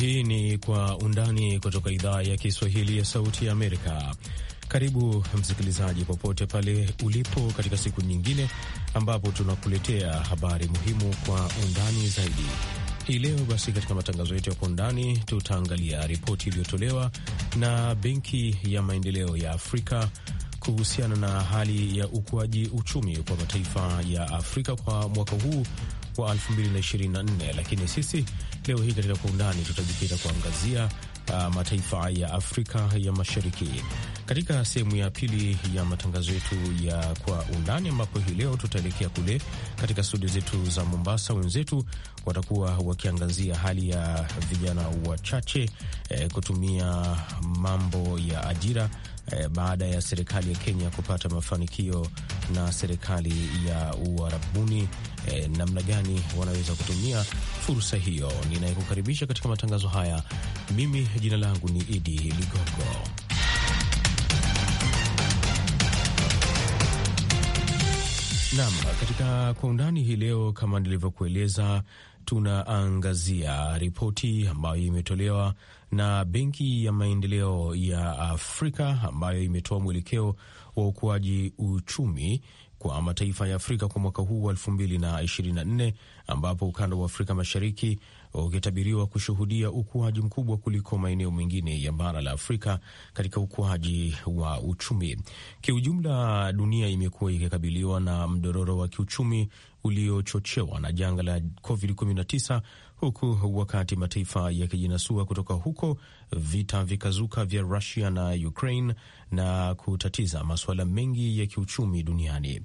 Hii ni Kwa Undani kutoka idhaa ya Kiswahili ya Sauti ya Amerika. Karibu msikilizaji, popote pale ulipo, katika siku nyingine ambapo tunakuletea habari muhimu kwa undani zaidi. Hii leo basi, katika matangazo yetu ya Kwa Undani tutaangalia ripoti iliyotolewa na Benki ya Maendeleo ya Afrika kuhusiana na hali ya ukuaji uchumi kwa mataifa ya Afrika kwa mwaka huu wa 2024 lakini sisi Leo hii katika Kwa Undani tutajikita kuangazia uh, mataifa ya Afrika ya Mashariki katika sehemu ya pili ya matangazo yetu ya Kwa Undani, ambapo hii leo tutaelekea kule katika studio zetu za Mombasa. Wenzetu watakuwa wakiangazia hali ya vijana wachache eh, kutumia mambo ya ajira eh, baada ya serikali ya Kenya kupata mafanikio na serikali ya Uarabuni eh, namna gani wanaweza kutumia fursa hiyo. Ninayekukaribisha katika matangazo haya mimi jina langu ni Idi Ligongo. Nam, katika kwa undani hii leo, kama nilivyokueleza, tunaangazia ripoti ambayo imetolewa na Benki ya Maendeleo ya Afrika ambayo imetoa mwelekeo wa ukuaji uchumi kwa mataifa ya Afrika kwa mwaka huu wa 2024 ambapo ukanda wa Afrika Mashariki ukitabiriwa kushuhudia ukuaji mkubwa kuliko maeneo mengine ya bara la Afrika katika ukuaji wa uchumi. Kiujumla, dunia imekuwa ikikabiliwa na mdororo wa kiuchumi uliochochewa na janga la COVID-19, huku wakati mataifa yakijinasua kutoka huko, vita vikazuka vya Rusia na Ukraine na kutatiza masuala mengi ya kiuchumi duniani.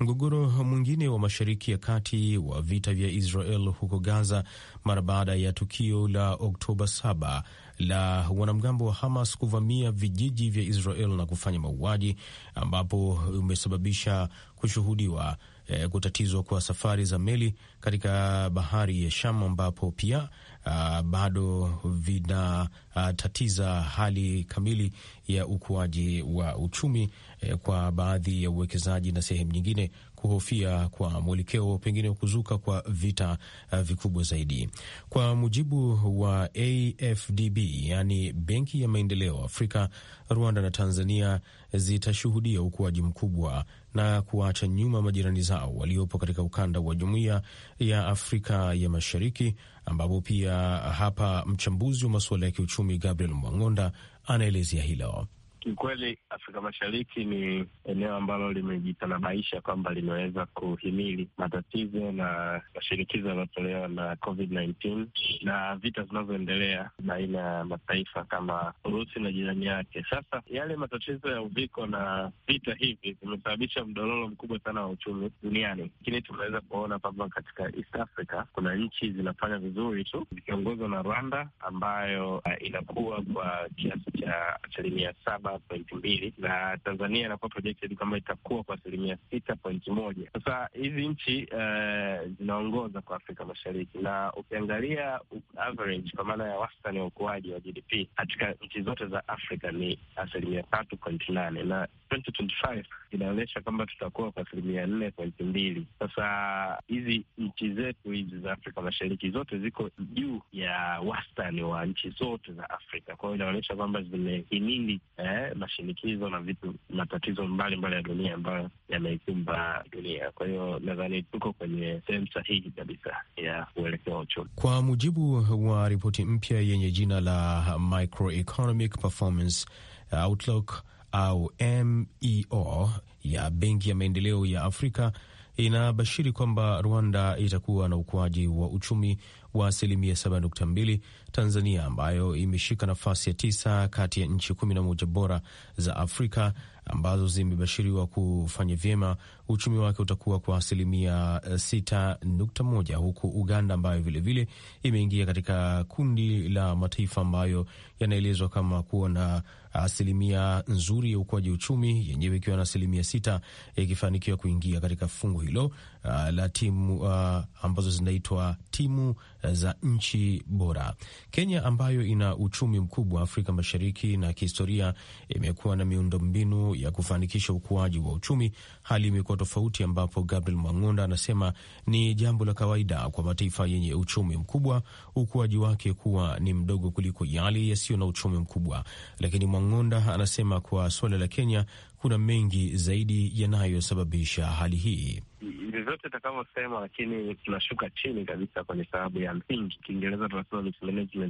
Mgogoro mwingine wa Mashariki ya Kati wa vita vya Israel huko Gaza mara baada ya tukio la Oktoba 7 la wanamgambo wa Hamas kuvamia vijiji vya Israel na kufanya mauaji ambapo umesababisha kushuhudiwa eh, kutatizwa kwa safari za meli katika bahari ya Shamu ambapo pia Uh, bado vinatatiza uh, hali kamili ya ukuaji wa uchumi eh, kwa baadhi ya uwekezaji na sehemu nyingine kuhofia kwa mwelekeo pengine wa kuzuka kwa vita uh, vikubwa zaidi. Kwa mujibu wa AfDB, yani Benki ya Maendeleo Afrika, Rwanda na Tanzania zitashuhudia ukuaji mkubwa na kuwacha nyuma majirani zao waliopo katika ukanda wa Jumuiya ya Afrika ya Mashariki, ambapo pia hapa mchambuzi wa masuala ya kiuchumi Gabriel Mwangonda anaelezea hilo. Kiukweli, Afrika Mashariki ni eneo ambalo limejitanabaisha kwamba limeweza kuhimili matatizo na mashinikizo yanayotolewa na COVID-19 na vita zinazoendelea baina ya mataifa kama Urusi na jirani yake. Sasa yale matatizo ya uviko na vita hivi vimesababisha mdororo mkubwa sana wa uchumi duniani, lakini tunaweza kuona kwamba katika East Africa kuna nchi zinafanya vizuri tu zikiongozwa na Rwanda ambayo uh, inakuwa kwa kiasi cha asilimia saba saba pointi mbili na Tanzania inakuwa projected kwamba itakuwa kwa asilimia sita pointi moja. Sasa hizi nchi uh, zinaongoza kwa Afrika Mashariki, na ukiangalia average kwa maana ya wastani wa ukuaji wa GDP katika nchi zote za Afrika ni asilimia tatu pointi nane na 2025 inaonyesha kwamba tutakuwa kwa asilimia nne pointi mbili. Sasa hizi nchi zetu hizi za Afrika Mashariki zote ziko juu ya wastani wa nchi zote za Afrika, kwa hiyo inaonyesha kwamba zimehimili eh, eh, mashinikizo na vitu matatizo mbalimbali mbali ya dunia ambayo yameikumba dunia. Kwa hiyo nadhani tuko kwenye sehemu sahihi kabisa ya uelekeo wa uchumi. Kwa mujibu wa ripoti mpya yenye jina la Microeconomic Performance Outlook au MEO ya Benki ya Maendeleo ya Afrika inabashiri kwamba Rwanda itakuwa na ukuaji wa uchumi wa asilimia 7.2, Tanzania ambayo imeshika nafasi ya tisa kati ya nchi 11 bora za Afrika ambazo zimebashiriwa kufanya vyema uchumi wake utakuwa kwa asilimia 6.1, eh, huku Uganda ambayo vilevile imeingia katika kundi la mataifa ambayo yanaelezwa kama kuwa na asilimia nzuri ya ukuaji uchumi, yenyewe ikiwa na asilimia sita, ikifanikiwa kuingia katika fungu hilo uh, la timu uh, ambazo zinaitwa timu za nchi bora. Kenya ambayo ina uchumi mkubwa Afrika Mashariki na kihistoria imekuwa na miundombinu ya kufanikisha ukuaji wa uchumi, hali imekuwa tofauti, ambapo Gabriel Mwang'onda anasema ni jambo la kawaida kwa mataifa yenye uchumi mkubwa ukuaji wake kuwa ni mdogo kuliko yale yasiyo na uchumi mkubwa. Lakini Mwang'onda anasema kwa suala la Kenya kuna mengi zaidi yanayosababisha hali hii. Vyovyote itakavyosema, lakini tunashuka chini kabisa kwenye sababu ya msingi. Kiingereza tunasema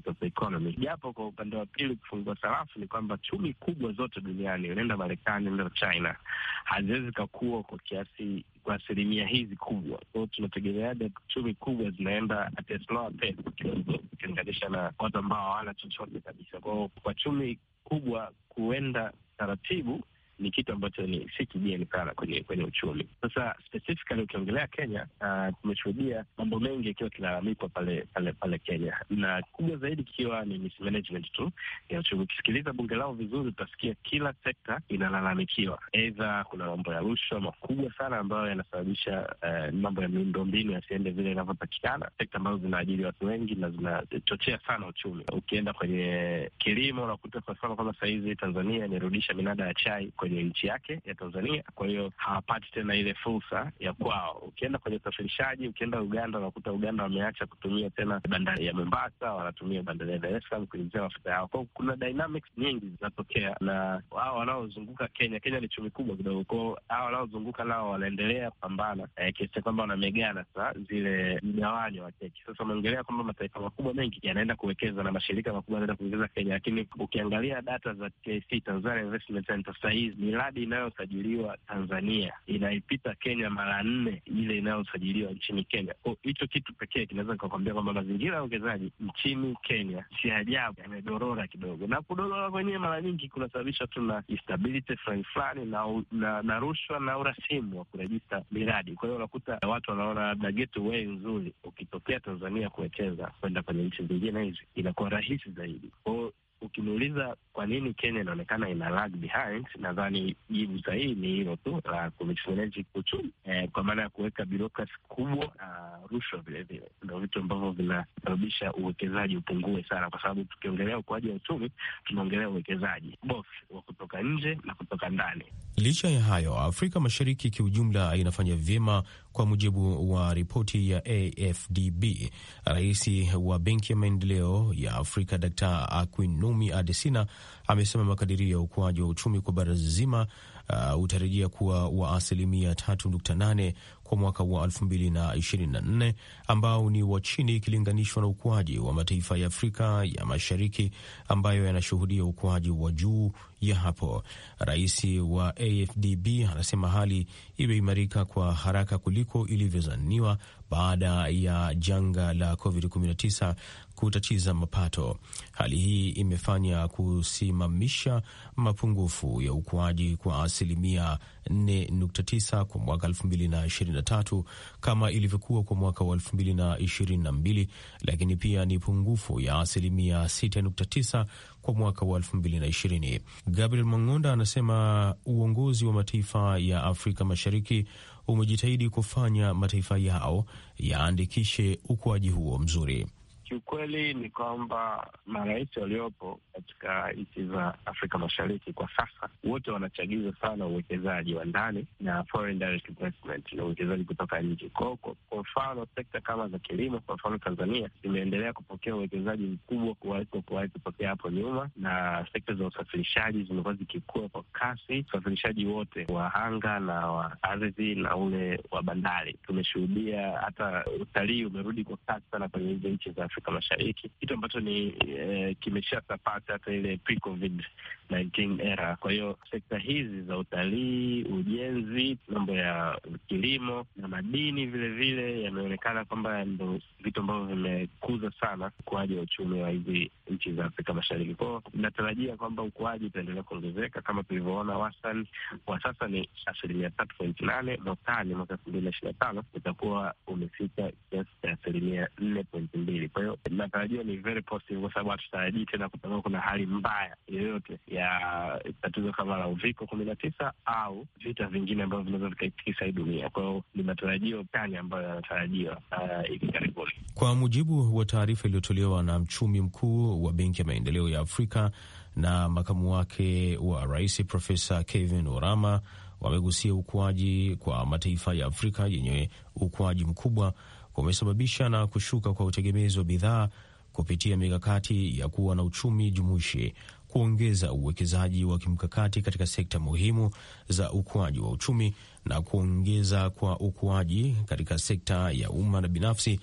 of economy, japo kwa upande wa pili kufungua sarafu ni kwamba chumi kubwa zote duniani, unaenda Marekani, unaenda China, haziwezi kakua kwa kiasi kwa asilimia hizi kubwa kwao. Tunategemeaga chumi kubwa zinaenda at a slower pace kidogo ukilinganisha na watu ambao hawana chochote kabisa kwao. Kwa chumi kubwa kuenda taratibu ni kitu ambacho ni si kigeni sana kwenye kwenye uchumi. Sasa specifically ukiongelea Kenya, uh, tumeshuhudia mambo mengi yakiwa kilalamikwa pale pale pale Kenya, na kubwa zaidi ikiwa ni mismanagement tu ya uchumi. Ukisikiliza bunge lao vizuri, utasikia kila sekta inalalamikiwa, aidha kuna mambo ya rushwa makubwa sana ambayo yanasababisha uh, mambo ya miundombinu yasiende vile inavyopatikana, sekta ambazo zinaajiri watu wengi na zinachochea sana uchumi. Ukienda kwenye kilimo unakuta kwa mfano kama sahizi Tanzania imerudisha minada ya chai kwenye kwenye nchi yake ya Tanzania. Kwa hiyo hawapati tena ile fursa ya kwao. Ukienda kwenye usafirishaji, ukienda Uganda unakuta Uganda wameacha kutumia tena bandari ya Mombasa, wanatumia bandari ya Dar es Salaam kuingizia mafuta yao. Kwao kuna dynamics nyingi zinatokea, na wao wanaozunguka Kenya, Kenya ni chumi kubwa kidogo kwao, hao wanaozunguka nao wanaendelea kupambana eh, kiasi cha kwamba wanamegana sasa zile mgawanyo wa keki. Sasa umeongelea kwamba mataifa makubwa mengi yanaenda kuwekeza na mashirika makubwa yanaenda kuwekeza Kenya, lakini ukiangalia data za TIC, Tanzania Investment Center, sahizi miradi inayosajiliwa Tanzania inaipita Kenya mara nne ile inayosajiliwa nchini Kenya. hicho kitu pekee kinaweza kikakwambia kwamba mazingira ya uwekezaji nchini Kenya si ajabu yamedorora kidogo, na kudorora kwenyewe mara nyingi kunasababisha tu na instability fulani fulani na, na, na rushwa na urasimu wa kurejista miradi. Kwa hiyo unakuta watu wanaona labda gateway nzuri ukitokea Tanzania kuwekeza kwenda kwenye nchi zingine hizi inakuwa rahisi zaidi kwao ukiniuliza kwa nini Kenya inaonekana ina lag behind, nadhani jibu sahihi ni hilo tu la kumichunguneji kuchumi eh, kwa maana ya kuweka birokrasi kubwa na rushwa vilevile, ndo vitu ambavyo vinasababisha uwekezaji upungue sana, kwa sababu tukiongelea ukuaji wa uchumi tunaongelea uwekezaji both wa kutoka nje na kutoka ndani. Licha ya hayo, Afrika Mashariki kiujumla inafanya vyema kwa mujibu wa ripoti ya AFDB, rais wa Benki ya Maendeleo ya Afrika Dkt. Akinwumi Adesina amesema makadirio ya ukuaji wa uchumi kwa bara zima uh, utarejea kuwa wa asilimia 3.8 kwa mwaka wa 2024 ambao ni wa chini ikilinganishwa na ukuaji wa mataifa ya Afrika ya Mashariki ambayo yanashuhudia ukuaji wa juu ya hapo. Rais wa AfDB anasema hali imeimarika kwa haraka kuliko ilivyozaniwa baada ya janga la COVID-19 kutatiza mapato. Hali hii imefanya kusimamisha mapungufu ya ukuaji kwa asilimia 4.9 kwa mwaka 2023 kama ilivyokuwa kwa mwaka wa 2022, lakini pia ni pungufu ya asilimia 6.9 kwa mwaka wa 2020. Gabriel Mang'onda anasema uongozi wa mataifa ya Afrika Mashariki umejitahidi kufanya mataifa yao yaandikishe ukuaji huo mzuri. Kiukweli ni kwamba marais waliopo katika nchi za Afrika Mashariki kwa sasa wote wanachagiza sana uwekezaji wa ndani na foreign direct investment na uwekezaji kutoka nje. Kwa kwa mfano sekta kama za kilimo, kwa mfano Tanzania zimeendelea kupokea uwekezaji mkubwa kuwaliko kuwahi kutokea hapo nyuma, na sekta za usafirishaji zimekuwa zikikua kwa kasi. Usafirishaji wote wa anga na wa ardhi na ule wa bandari, tumeshuhudia hata utalii umerudi kwa kasi sana kwenye hizo nchi za Afrika Afrika Mashariki, kitu ambacho ni e, eh, kimeshapapata hata ile pre-COVID era. Kwa hiyo sekta hizi za utalii, ujenzi, mambo ya kilimo na madini vilevile yameonekana kwamba ndo vitu ambavyo vimekuza sana ukuaji wa uchumi wa hizi nchi za Afrika Mashariki. Kwao natarajia kwamba ukuaji utaendelea kuongezeka kama tulivyoona, wastani kwa sasa ni asilimia tatu point nane mwakani, mwaka elfu mbili na ishirini na tano utakuwa umefika kiasi cha asilimia nne point mbili. Kwa hiyo natarajia ni very positive, kwa sababu hatutarajii tena kutakuwa kuna hali mbaya yoyote ya ya tatizo kama la uviko kumi na tisa au vita vingine ambavyo vinaweza vikaitikisa hii dunia. Kwa hiyo ni matarajio chanya ambayo yanatarajiwa uh, hivi uh, karibuni. Kwa mujibu wa taarifa iliyotolewa na mchumi mkuu wa Benki ya Maendeleo ya Afrika na makamu wake wa rais Profesa Kevin Orama wamegusia ukuaji kwa mataifa ya Afrika yenye ukuaji mkubwa kumesababisha na kushuka kwa utegemezi wa bidhaa kupitia mikakati ya kuwa na uchumi jumuishi kuongeza uwekezaji wa kimkakati katika sekta muhimu za ukuaji wa uchumi na kuongeza kwa ukuaji katika sekta ya umma na binafsi,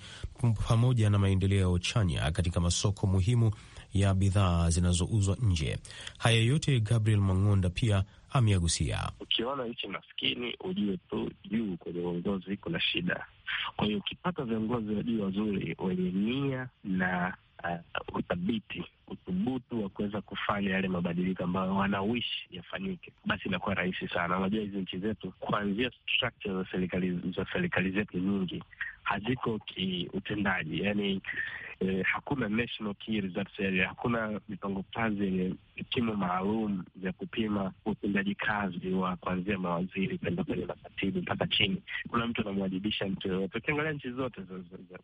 pamoja na maendeleo chanya katika masoko muhimu ya bidhaa zinazouzwa nje. Haya yote Gabriel Mang'onda pia ameagusia. Ukiona nchi maskini, ujue tu juu kwenye uongozi kuna shida. Kwa hiyo ukipata viongozi wa juu wazuri wenye nia na uh, uthabiti, uthubutu wa kuweza kufanya yale mabadiliko ambayo wanawishi yafanyike, basi inakuwa rahisi sana. Unajua hizi nchi zetu kuanzia structure za serikali za serikali zetu nyingi haziko kiutendaji, yani eh, hakuna national key results area, hakuna mipango kazi yenye vipimo maalum vya kupima utendaji kazi wa kuanzia mawaziri kwenda kwenye makatibu mpaka chini. Kuna mtu anamwajibisha mtu yoyote. Ukiangalia nchi zote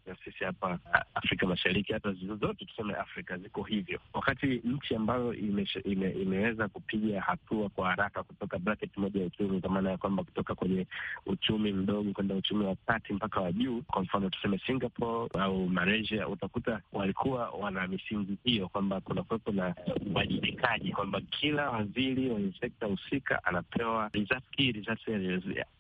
za sisi hapa Afrika Mashariki, hata zote tuseme Afrika ziko hivyo, wakati nchi ambayo ime, ime, imeweza kupiga hatua kwa haraka kutoka bracket moja ya uchumi, kwa maana ya kwamba kutoka kwenye uchumi mdogo kwenda uchumi wa kati mpaka wa juu, kwa mfano tuseme Singapore au Malaysia, utakuta unakuta walikuwa wana misingi hiyo kwamba kuna kuwepo na uwajibikaji, kwamba kila waziri wenye sekta husika anapewa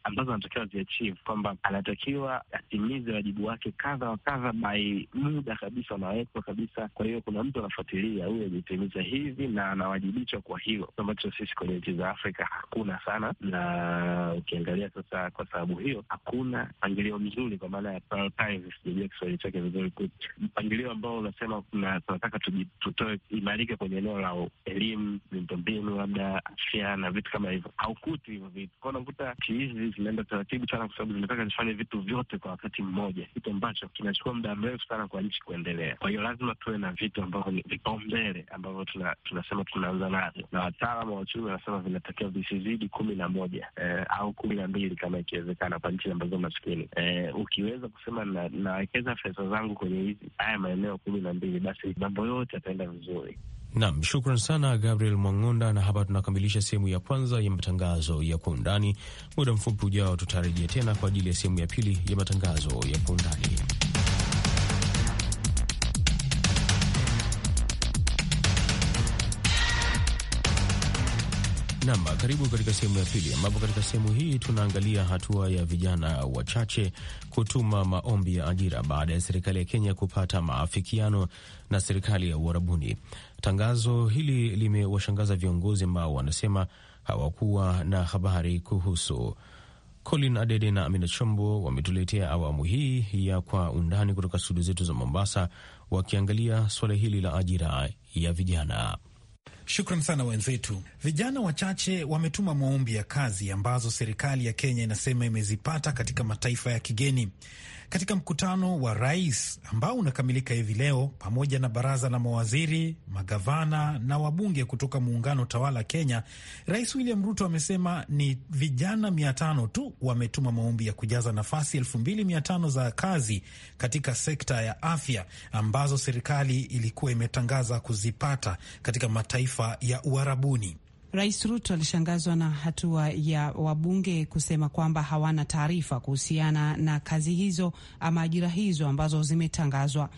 ambazo anatakiwa ziachieve, kwamba anatakiwa atimize wajibu wake kadha wa kadha, by muda kabisa unawekwa kabisa. Kwa hiyo kuna mtu anafuatilia huyu ajitimiza hivi na anawajibishwa kwa hilo, ambacho sisi kwenye nchi za Afrika hakuna sana, na ukiangalia sasa, kwa sababu hiyo hakuna mpangilio mzuri, kwa maana ya mpangilio mpangilio ambao unasema tunataka tutoe imarike kwenye eneo la elimu, miundombinu, labda afya na vitu kama hivyo, haukuti hivyo vitu kwao. Unakuta nchi hizi zinaenda taratibu sana, kwa sababu zinataka zifanye vitu vyote kwa wakati mmoja, kitu ambacho kinachukua muda mrefu sana kwa nchi kuendelea. Kwa hiyo lazima tuwe na vitu ambavyo vipaumbele ambavyo tuna, tunasema tunaanza navyo, na wataalamu wa uchumi wanasema vinatakiwa visizidi kumi na moja eh, au kumi na mbili kama ikiwezekana, kwa nchi ambazo maskini eh, ukiweza kusema nawekeza na fedha zangu kwenye hizi haya maeneo kumi na mbili, basi mambo yote yataenda vizuri. Nam, shukran sana Gabriel Mwang'onda. Na hapa tunakamilisha sehemu ya kwanza ya matangazo ya kwa undani. Muda mfupi ujao tutarejea tena kwa ajili ya sehemu ya pili ya matangazo ya kwa undani. Nam, karibu katika sehemu ya pili, ambapo katika sehemu hii tunaangalia hatua ya vijana wachache kutuma maombi ya ajira baada ya serikali ya Kenya kupata maafikiano na serikali ya Uarabuni. Tangazo hili limewashangaza viongozi ambao wanasema hawakuwa na habari kuhusu. Colin Adede na Amina Chombo wametuletea awamu hii ya Kwa Undani kutoka studio zetu za Mombasa, wakiangalia suala hili la ajira ya vijana. Shukran sana wenzetu. Vijana wachache wametuma maombi ya kazi ambazo serikali ya Kenya inasema imezipata katika mataifa ya kigeni katika mkutano wa rais ambao unakamilika hivi leo pamoja na baraza la mawaziri, magavana na wabunge kutoka muungano tawala Kenya, Rais William Ruto amesema ni vijana mia tano tu wametuma maombi ya kujaza nafasi elfu mbili mia tano za kazi katika sekta ya afya ambazo serikali ilikuwa imetangaza kuzipata katika mataifa ya Uarabuni. Rais Ruto alishangazwa na hatua ya wabunge kusema kwamba hawana taarifa kuhusiana na kazi hizo ama ajira hizo ambazo zimetangazwa.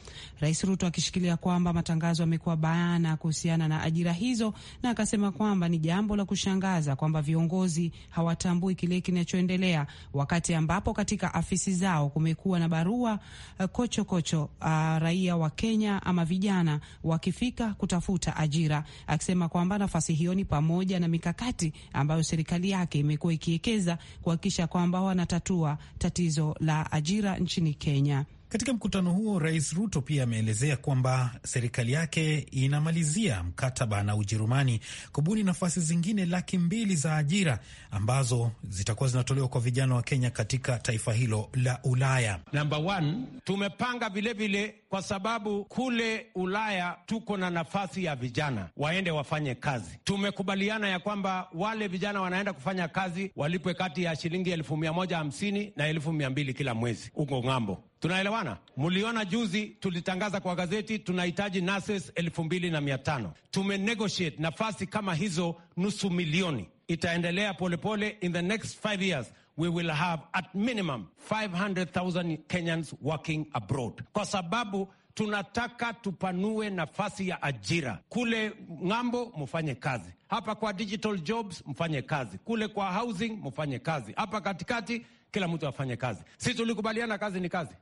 Rais Ruto akishikilia kwamba matangazo yamekuwa bayana kuhusiana na ajira hizo, na akasema kwamba ni jambo la kushangaza kwamba viongozi hawatambui kile kinachoendelea, wakati ambapo katika afisi zao kumekuwa na barua eh, kochokocho kocho, uh, ah, raia wa Kenya ama vijana wakifika kutafuta ajira, akisema kwamba nafasi hiyo ni pamoja pamoja na mikakati ambayo serikali yake imekuwa ikiwekeza kuhakikisha kwamba wanatatua tatizo la ajira nchini Kenya. Katika mkutano huo Rais Ruto pia ameelezea kwamba serikali yake inamalizia mkataba na Ujerumani kubuni nafasi zingine laki mbili za ajira ambazo zitakuwa zinatolewa kwa vijana wa Kenya katika taifa hilo la Ulaya. Namba one, tumepanga vilevile kwa sababu kule Ulaya tuko na nafasi ya vijana waende wafanye kazi. Tumekubaliana ya kwamba wale vijana wanaenda kufanya kazi walipwe kati ya shilingi elfu mia moja hamsini na elfu mia mbili kila mwezi huko ng'ambo. Tunaelewana? Mliona juzi tulitangaza kwa gazeti, tunahitaji nurses elfu mbili na mia tano. Tumenegotiate nafasi kama hizo nusu milioni, itaendelea polepole in the next five years we will have at minimum 500,000 Kenyans working abroad, kwa sababu tunataka tupanue nafasi ya ajira kule ng'ambo, mfanye kazi hapa, kwa digital jobs mfanye kazi kule, kwa housing mfanye kazi hapa, katikati kila mtu afanye kazi. Si tulikubaliana kazi ni kazi?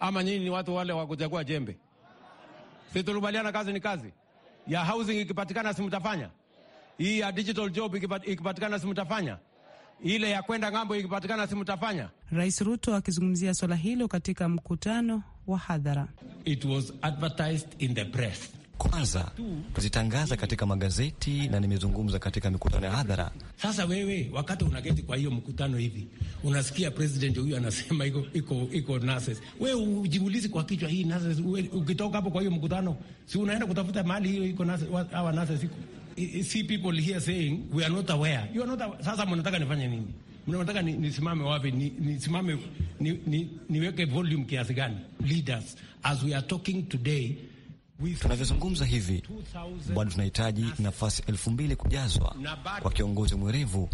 Ama nyinyi ni watu wale wa kuchagua jembe? Si tulikubaliana kazi ni kazi? Ya housing ikipatikana, si mtafanya hii? Ya digital job ikipatikana, si mtafanya ile ya kwenda ng'ambo ikipatikana, si mtafanya? Rais Ruto akizungumzia swala hilo katika mkutano wa hadhara. It was advertised in the press. Kwanza tuzitangaza katika magazeti na nimezungumza katika mikutano ya hadhara. Sasa wewe, wakati unageti kwa hiyo mkutano hivi, unasikia president huyu anasema iko iko iko nurses, wewe ujiulizi kwa kichwa hii nurses. Ukitoka hapo kwa hiyo mkutano, si unaenda kutafuta mahali hiyo iko nurses, awa nurses iko see people here saying we are not aware. You are not aware. Sasa mnataka nifanye nini? Mnataka nisimame wapi? Nisimame ni, ni, niweke volume kiasi gani? Leaders as we are talking today tunavyozungumza hivi bado tunahitaji nafasi elfu mbili kujazwa kwa kiongozi mwerevu.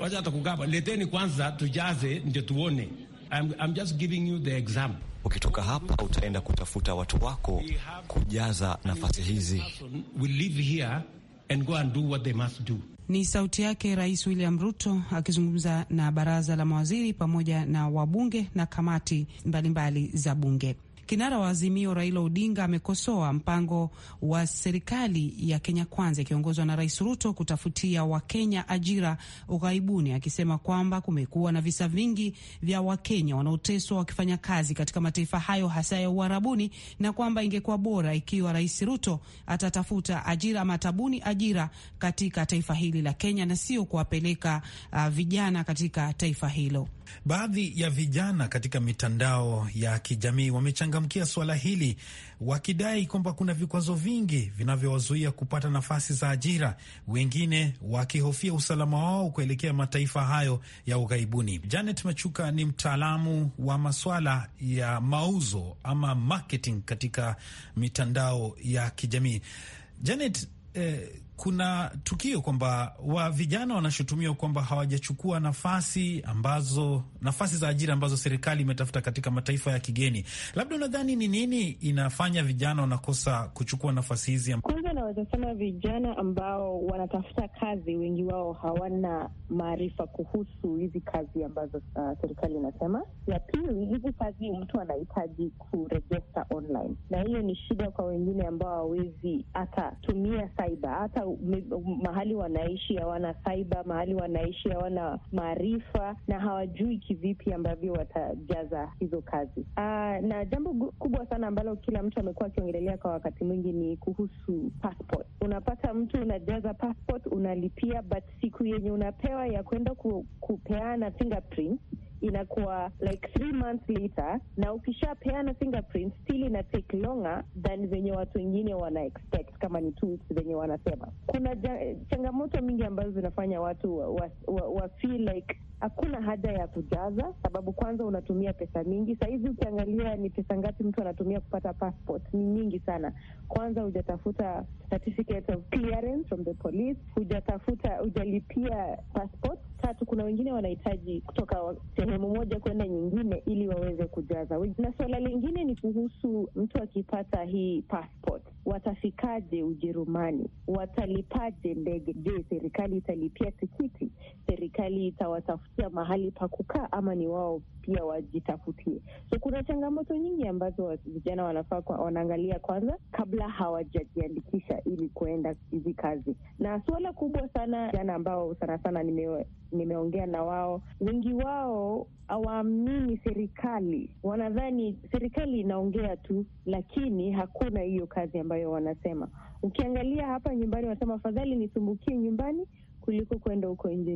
Wacha hata leteni kwanza tujaze ndio tuone. I'm, I'm just giving you the example. Ukitoka hapa utaenda kutafuta watu wako kujaza nafasi hizi. Ni sauti yake Rais William Ruto akizungumza na baraza la mawaziri pamoja na wabunge na kamati mbalimbali mbali za bunge. Kinara wa Azimio Raila Odinga amekosoa mpango wa serikali ya Kenya Kwanza ikiongozwa na Rais Ruto kutafutia Wakenya ajira ughaibuni, akisema kwamba kumekuwa na visa vingi vya Wakenya wanaoteswa wakifanya kazi katika mataifa hayo hasa ya Uarabuni, na kwamba ingekuwa bora ikiwa Rais Ruto atatafuta ajira ama ajira katika taifa hili la Kenya na sio kuwapeleka uh, vijana katika taifa hilo. Baadhi ya vijana katika mitandao ya kijamii wamechanga wamelalamikia swala hili wakidai kwamba kuna vikwazo vingi vinavyowazuia kupata nafasi za ajira, wengine wakihofia usalama wao kuelekea mataifa hayo ya ughaibuni. Janet Machuka ni mtaalamu wa maswala ya mauzo ama marketing katika mitandao ya kijamii. Janet, eh, kuna tukio kwamba wa vijana wanashutumiwa kwamba hawajachukua nafasi ambazo nafasi za ajira ambazo serikali imetafuta katika mataifa ya kigeni. Labda unadhani ni nini inafanya vijana wanakosa kuchukua nafasi hizi? Kwanza naweza sema vijana ambao wanatafuta kazi, wengi wao hawana maarifa kuhusu hizi kazi ambazo uh, serikali inasema. Ya pili, hizi kazi mtu anahitaji kurejesta online, na hiyo ni shida kwa wengine ambao hawezi hata tumia cyber hata mahali wanaishi hawana cyber, mahali wanaishi hawana maarifa na hawajui kivipi ambavyo watajaza hizo kazi. Aa, ah, na jambo kubwa sana ambalo kila mtu amekuwa akiongelelea kwa wakati mwingi ni kuhusu passport. Unapata mtu unajaza passport, unalipia, but siku yenye unapewa ya kwenda ku, kupeana fingerprint inakuwa like three months later, na ukishapeana fingerprints still ina take longer than venye watu wengine wana expect, kama ni two venye wanasema. Kuna ja, changamoto mingi ambazo zinafanya watu wa, wa, wa, wa feel like hakuna haja ya kujaza, sababu kwanza unatumia pesa mingi. Sahizi ukiangalia ni pesa ngapi mtu anatumia kupata passport, ni nyingi sana. Kwanza hujatafuta certificate of clearance from the police, hujatafuta hujalipia passport. Tatu, kuna wengine wanahitaji kutoka sehemu moja kwenda nyingine ili waweze kujaza. Na suala lingine ni kuhusu mtu akipata hii passport watafikaje Ujerumani? Watalipaje ndege? Je, serikali italipia tikiti? Serikali itawatafutia mahali pa kukaa, ama ni wao pia wajitafutie? So kuna changamoto nyingi ambazo vijana wanafaa kwa, wanaangalia kwanza kabla hawajajiandikisha ili kuenda hizi kazi, na suala kubwa sana vijana ambao sana sana nimewe nimeongea na wao, wengi wao hawaamini serikali, wanadhani serikali inaongea tu, lakini hakuna hiyo kazi ambayo wanasema. Ukiangalia hapa nyumbani, wanasema afadhali nisumbukie nyumbani kuliko kwenda huko nje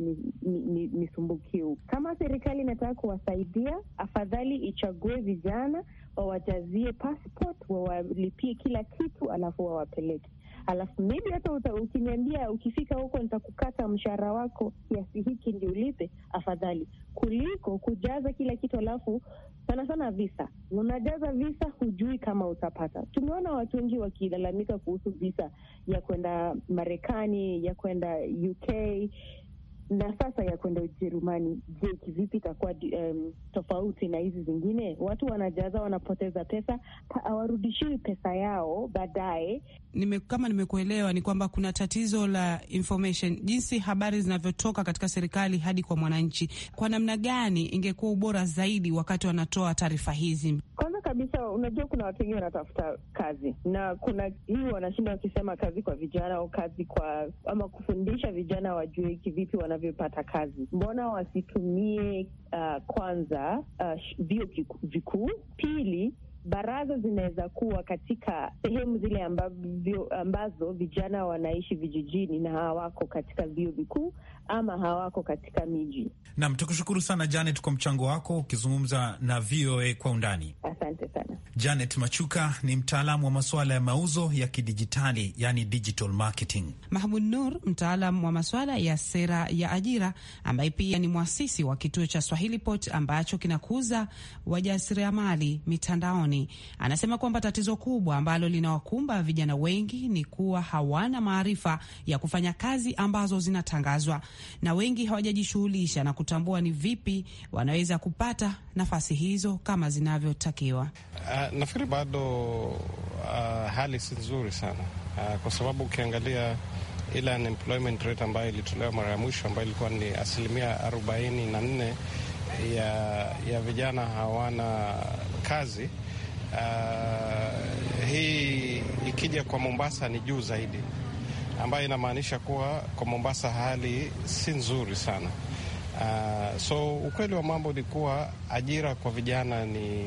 nisumbukie ni, ni, ni kama serikali inataka kuwasaidia, afadhali ichague vijana wawajazie passport, wawalipie kila kitu, alafu wawapeleke alafu mimi hata ukiniambia ukifika huko nitakukata mshahara wako kiasi hiki ndio ulipe, afadhali kuliko kujaza kila kitu alafu sana sana visa, unajaza visa, hujui kama utapata. Tumeona watu wengi wakilalamika kuhusu visa ya kwenda Marekani, ya kwenda UK na sasa ya kwenda Ujerumani, je, kivipi itakuwa um, tofauti na hizi zingine? Watu wanajaza wanapoteza pesa, hawarudishiwi pesa yao baadaye. Nime, kama nimekuelewa ni kwamba kuna tatizo la information, jinsi habari zinavyotoka katika serikali hadi kwa mwananchi. Kwa namna gani ingekuwa ubora zaidi wakati wanatoa taarifa hizi? Kwanza kabisa, unajua kuna watu wengi wanatafuta kazi na kuna hii wanashinda wakisema kazi kwa vijana au kazi kwa ama kufundisha vijana wajue kivipi wana wanavyopata kazi. Mbona wasitumie uh, kwanza uh, vyuo vikuu, pili baraza zinaweza kuwa katika sehemu zile ambavyo, ambazo vijana wanaishi vijijini na hawako katika vyuo vikuu ama hawako katika miji. Naam, tukushukuru sana Janet kwa mchango wako ukizungumza na VOA kwa undani. Asante sana. Janet Machuka ni mtaalamu wa masuala ya mauzo ya kidijitali yani digital marketing. Mahmud Nur mtaalamu wa masuala ya sera ya ajira ambaye pia ni mwasisi wa kituo cha Swahilipot ambacho kinakuza wajasiriamali mitandaoni Marekani anasema kwamba tatizo kubwa ambalo linawakumba vijana wengi ni kuwa hawana maarifa ya kufanya kazi ambazo zinatangazwa, na wengi hawajajishughulisha na kutambua ni vipi wanaweza kupata nafasi hizo kama zinavyotakiwa. Uh, nafikiri bado uh, hali si nzuri sana uh, kwa sababu ukiangalia ile unemployment rate ambayo ilitolewa mara ya mwisho ambayo ilikuwa ni asilimia 44 ya, ya vijana hawana kazi Uh, hii ikija kwa Mombasa ni juu zaidi, ambayo inamaanisha kuwa kwa Mombasa hali si nzuri sana. Uh, so ukweli wa mambo ni kuwa ajira kwa vijana ni,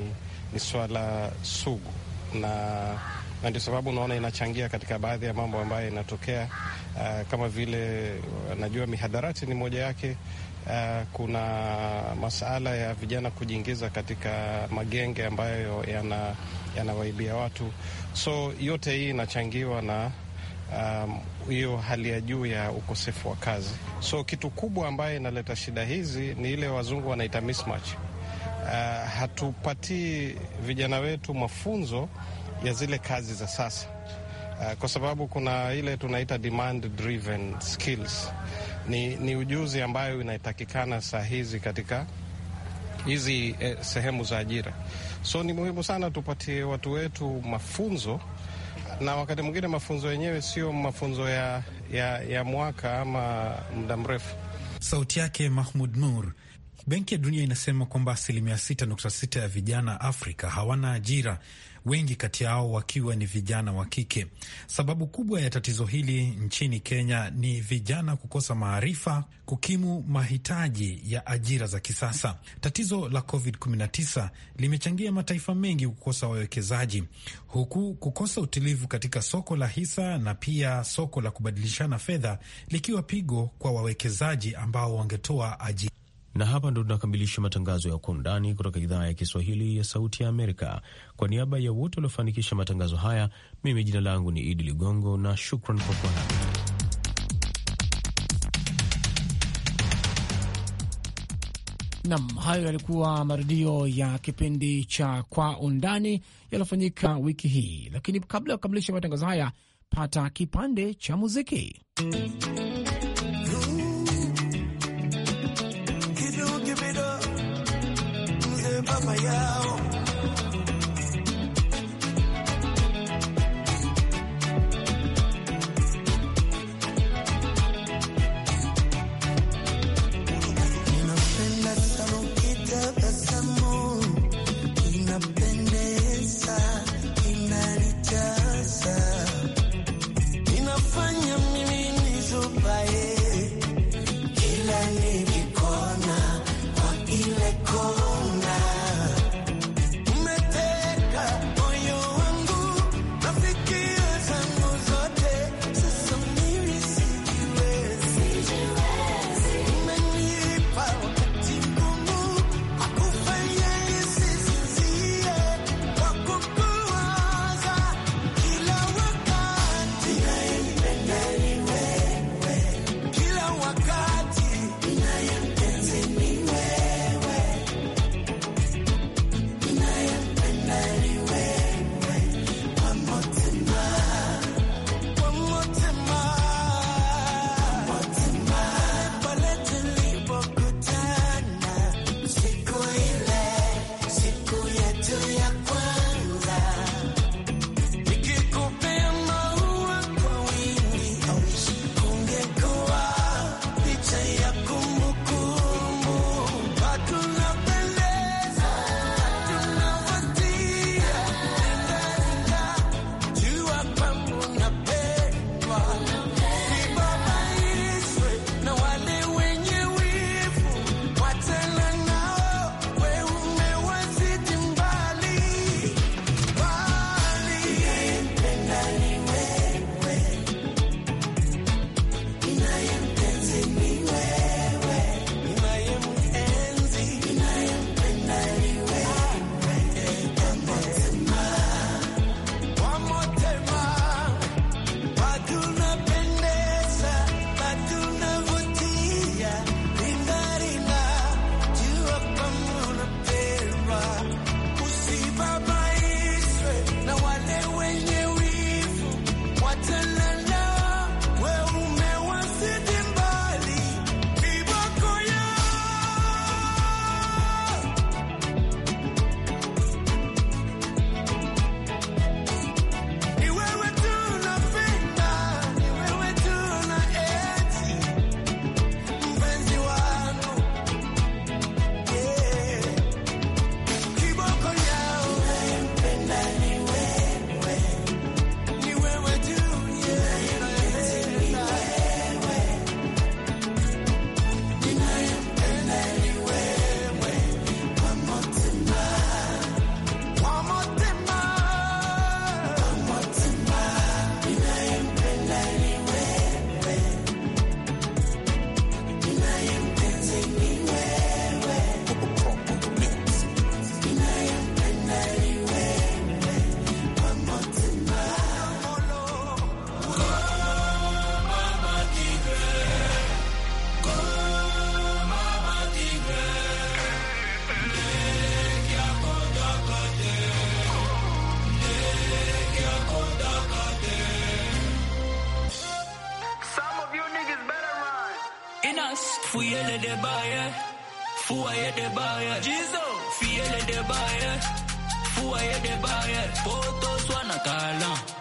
ni swala sugu na na ndio sababu unaona inachangia katika baadhi ya mambo ambayo inatokea, uh, kama vile najua mihadharati ni moja yake, Uh, kuna masuala ya vijana kujiingiza katika magenge ambayo yanawaibia yana watu, so yote hii inachangiwa na um, hiyo um, hali ya juu ya ukosefu wa kazi. So kitu kubwa ambayo inaleta shida hizi ni ile wazungu wanaita mismatch. Uh, hatupatii vijana wetu mafunzo ya zile kazi za sasa, uh, kwa sababu kuna ile tunaita demand driven skills ni, ni ujuzi ambayo inatakikana saa hizi katika hizi eh, sehemu za ajira. So ni muhimu sana tupatie watu wetu mafunzo, na wakati mwingine mafunzo yenyewe sio mafunzo ya, ya, ya mwaka ama muda mrefu. Sauti yake Mahmud Nur. Benki ya Dunia inasema kwamba asilimia 6.6 ya vijana Afrika hawana ajira wengi kati yao wakiwa ni vijana wa kike. Sababu kubwa ya tatizo hili nchini Kenya ni vijana kukosa maarifa kukimu mahitaji ya ajira za kisasa. Tatizo la COVID-19 limechangia mataifa mengi kukosa wawekezaji, huku kukosa utulivu katika soko la hisa na pia soko la kubadilishana fedha likiwa pigo kwa wawekezaji ambao wangetoa ajira. Na hapa ndo tunakamilisha matangazo ya Kwa Undani kutoka idhaa ya Kiswahili ya Sauti ya Amerika. Kwa niaba ya wote waliofanikisha matangazo haya, mimi jina langu ni Idi Ligongo na shukran kwa kuwa nami. Nam, hayo yalikuwa marudio ya kipindi cha Kwa Undani yaliyofanyika wiki hii, lakini kabla ya kukamilisha matangazo haya, pata kipande cha muziki de baie, fuaye de baie, jizo, fiele de baie, fuaye de baie, poto swana kalan.